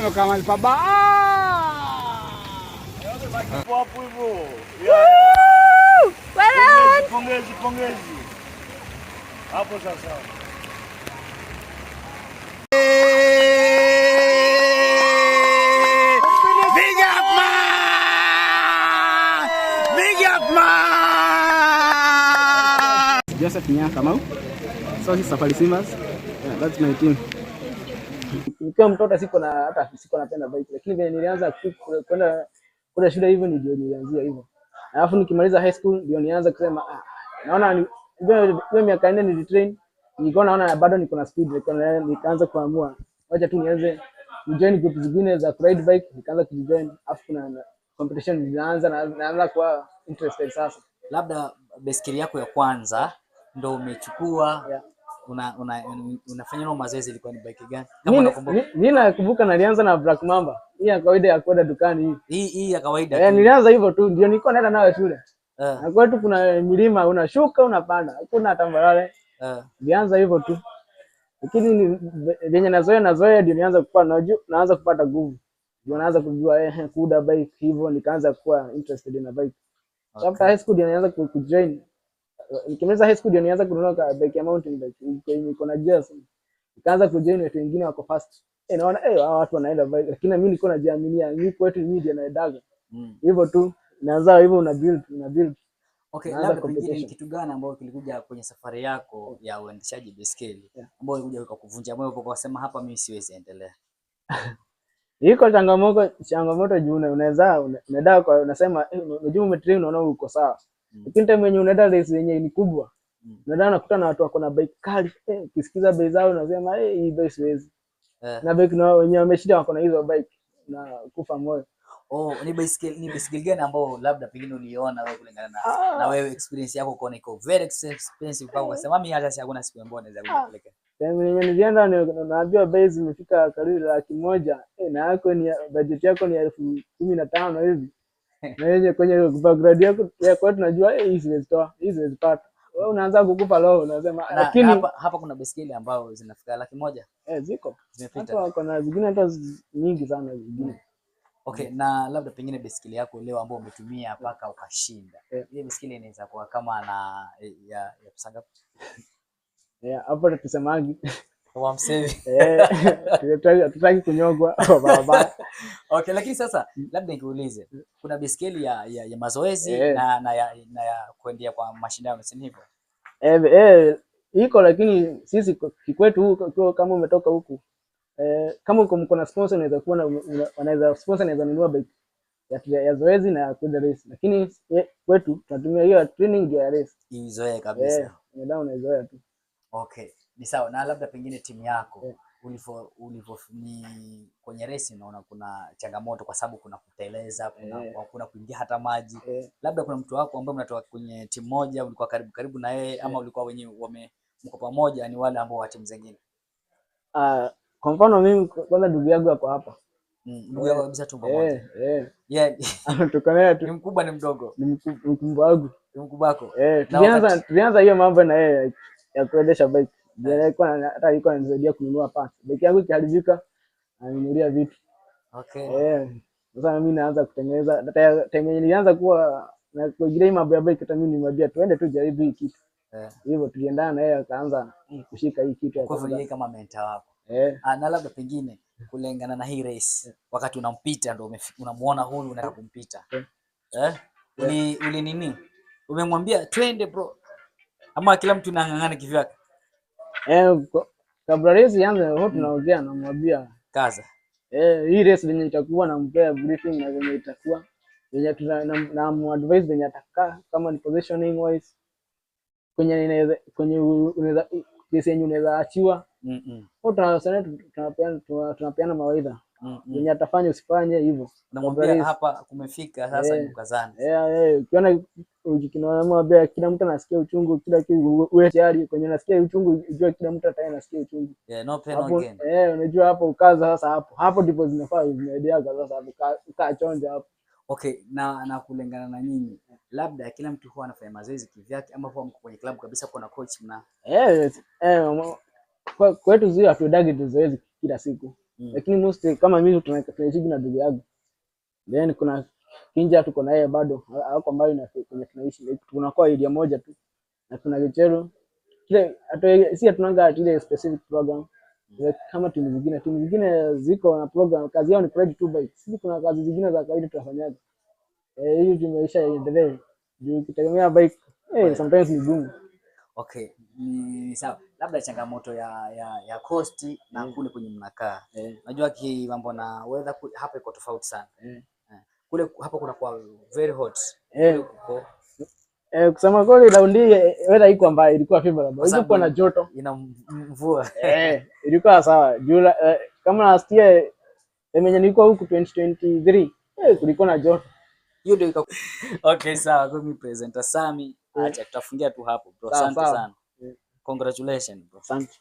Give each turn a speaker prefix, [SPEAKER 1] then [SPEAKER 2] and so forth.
[SPEAKER 1] Ano kama ni pabaa. Hapo povo!
[SPEAKER 2] Vai lá!
[SPEAKER 1] pongezi. Hapo sasa. Big up man! Big up man!
[SPEAKER 3] Joseph Nyankamau. So he's Safari Simbas. Yeah, that's my team.
[SPEAKER 4] nikiwa mtoto siko na hata siko napenda bike, lakini vile nilianza kwenda kwenda shule hivyo ndio nilianzia hivyo, alafu nikimaliza high school ndio nilianza kusema ah, naona ni hiyo miaka nne nilitrain, nilikuwa naona bado niko na speed, nikaanza kuamua wacha tu nianze nijoin group zingine za ride bike, nikaanza kujoin, alafu kuna competition zilianza na naanza kuwa interested sasa.
[SPEAKER 5] Labda baiskeli yako ya kwanza ndio umechukua yeah una, una, unafanya nao mazoezi ilikuwa ni bike gani?
[SPEAKER 4] Kama unakumbuka. Mimi nakumbuka nilianza na Black Mamba. Hii ya kawaida ya kwenda dukani hii.
[SPEAKER 5] Hii hii ya kawaida.
[SPEAKER 4] Eh, nilianza hivyo tu ndio nilikuwa naenda nayo shule. Uh. Na kwetu kuna milima unashuka unapanda. Hakuna tambarare. Uh. Nilianza hivyo tu. Lakini venye nazoea nazoea ndio nianza kupata naanza kupata nguvu. Ndio naanza kujua eh, eh kuda bike hivyo nikaanza kuwa interested na bike. Okay. Sasa high school ndio naanza kujoin Nikimaliza high school ndio nianza kununua bike amount kwenye iko na jersey, nikaanza kujoin watu wengine wako fast eh, naona eh hawa watu wanaenda bike, lakini mimi nilikuwa najiaminia mimi kwetu mimi ndio naendaga mm. hivyo tu, naanza hivyo, una build una build.
[SPEAKER 5] Okay, labda pengine ni kitu gani ambacho kilikuja kwenye safari yako ya uendeshaji baiskeli ambao ilikuja kukuvunja moyo kwa kusema hapa mimi siwezi endelea?
[SPEAKER 4] Iko changamoto changamoto juu unaweza kwa unasema eh, unajua umetrain unaona uko sawa Mm. Lakini time unaenda race yenye ni kubwa, mm. unaenda unakuta na watu wako na bike kali, eh, ukisikiza bei zao unasema eh, hii bei siwezi. Eh. Na bike na wenye wameshinda wako na hizo bike na kufa moyo.
[SPEAKER 5] Oh, ni baiskeli ni baiskeli gani ambao labda pengine uliona wewe kulingana na ah, na wewe experience yako kwa niko very expensive kwa eh. sababu mimi hata si hakuna siku ambayo naweza kupeleka. Ah.
[SPEAKER 4] Time yenyewe nilienda naambiwa bei zimefika karibu laki moja eh, na yako ni budget yako ni elfu kumi na tano hivi na kwenye background yako ya yako tunajua eh, hii zimetoa hii zimepata. wewe unaanza kukupa roho unasema
[SPEAKER 5] na, lakini hapa, hapa kuna baiskeli ambayo zinafika laki moja
[SPEAKER 4] eh ziko zimepita hapa kuna zingine hata nyingi sana zingine
[SPEAKER 5] Okay, mm. na labda pengine baiskeli yako leo ambayo umetumia mpaka ukashinda. Yeah. Ile baiskeli inaweza kuwa kama na eh, ya ya pesa
[SPEAKER 4] Yeah, hapo tutasemaje?
[SPEAKER 5] Kwa msemi. Eh,
[SPEAKER 4] tutaki kunyogwa kwa barabara.
[SPEAKER 5] Okay, lakini sasa mm. labda nikuulize, kuna biskeli ya, ya, ya mazoezi eh, na, na ya, na ya kuendea kwa mashindano si hivyo?
[SPEAKER 4] Eh, eh, iko lakini sisi kikwetu huko kama umetoka huku eh, kama uko mko na sponsor unaweza kuwa na wanaweza sponsor unaweza nunua bike ya, ya zoezi na kwenda race, lakini eh, kwetu tunatumia hiyo training ya race.
[SPEAKER 5] Izoea kabisa.
[SPEAKER 4] Eh, unaweza tu.
[SPEAKER 5] Okay, ni sawa na labda pengine timu yako yeah ulivyo ni kwenye resi naona kuna changamoto kwa sababu kuna kuteleza, kuna, yeah. kuna kuingia hata maji yeah. Labda kuna mtu wako ambaye mnatoka kwenye timu moja, ulikuwa karibu karibu na yeye yeah. Ama ulikuwa eh. wenye wame mko pamoja, ni wale ambao wa timu zingine.
[SPEAKER 4] Uh, kwa mfano mimi kwanza ndugu yangu ako hapa
[SPEAKER 5] mm, ndugu yako kabisa, tumbo moja anatoka naye tu, ni mkubwa ni mdogo,
[SPEAKER 4] ni mkubwa wangu, ni mkubwa wako. eh tulianza Tulianza hiyo mambo na yeye ya kuendesha bike hata alikuwa ananisaidia kununua paka. Beki yangu ikiharibika ananunulia vitu. Okay. Eh. Sasa mimi naanza kutengeneza nilianza kuwa na kuingilia mambo ya beki, nimwambia tu jaribu hii kitu. Yeah. Hivyo tuliendana na yeye akaanza kushika hii kitu.
[SPEAKER 5] Kwa kama mentor wako. Eh. Ah, na labda pengine kulingana na hii race wakati unampita ndio unamuona huyu unataka kumpita.
[SPEAKER 4] Eh? Yeah.
[SPEAKER 5] Uli, uli nini? Umemwambia twende bro. Ama kila mtu anang'ang'ana kivyake.
[SPEAKER 4] Eh, kabla race ianze hapo tunaongea na mwambia kaza. Eh, hii race yenye itakuwa nampea briefing na yenye itakuwa yenye tuna na advice yenye atakaa kama ni positioning wise kwenye inaweza kwenye unaweza kesi yenye unaweza achiwa. Mhm. Mm, tunapeana tunapeana mawaidha mm -hmm. atafanya usifanye hivyo,
[SPEAKER 5] namwambia hapa kumefika sasa, yeah. Ukazane
[SPEAKER 4] yeah, yeah. Ukiona ukinaambia kila mtu anasikia uchungu, kila kitu wewe tayari kwenye nasikia uchungu, jua kila mtu ataye nasikia uchungu
[SPEAKER 5] yeah, no pain hapo, no gain
[SPEAKER 4] eh, unajua hapo ukaza sasa, hapo hapo ndipo zinafaa zinaidia sasa, hapo ukachonja hapo
[SPEAKER 5] Okay, na na kulingana na nyinyi, labda kila mtu huwa anafanya mazoezi kivyake, ama huwa mko kwenye club kabisa, kuna coach mna
[SPEAKER 4] eh, eh um, kwetu zio hatudagi tuzoezi kila siku Mm. Lakini mostly kama mimi tunaishi na ndugu yangu. Then kuna Kinja tuko na yeye bado hako mbali na kwenye tunaishi. Tunakuwa area moja tu. Na tuna vichero Kile hata si tunanga ile specific program. Kama timu zingine, timu zingine ziko na program, kazi yao ni project tu bike. Sisi kuna kazi zingine za kawaida tunafanyaje? Eh, hiyo tumeisha endelee Juu kitegemea bike. Eh, sometimes ni gumu.
[SPEAKER 5] Okay, ni sawa. Labda changamoto ya ya, ya kosti na mm. kule kwenye mnakaa, eh, Najua ki mambo na weather hapa iko tofauti sana mm. eh, kule, hapa kuna kwa very hot
[SPEAKER 4] Eh, Kuko. Eh, kusema kweli raundi eh, weather iko ambayo ilikuwa favorable. Hizo kwa na joto.
[SPEAKER 5] Ina mvua.
[SPEAKER 4] Eh, ilikuwa sawa. Jula eh, kama last year emenye nilikuwa huku 2023. Eh, kulikuwa na joto.
[SPEAKER 5] Hiyo ndio ikaw... Okay, sawa. Kwa mimi presenter Sami Acha eh. tutafungia tu hapo bro. Asante sana. Eh. Congratulations bro. Asante.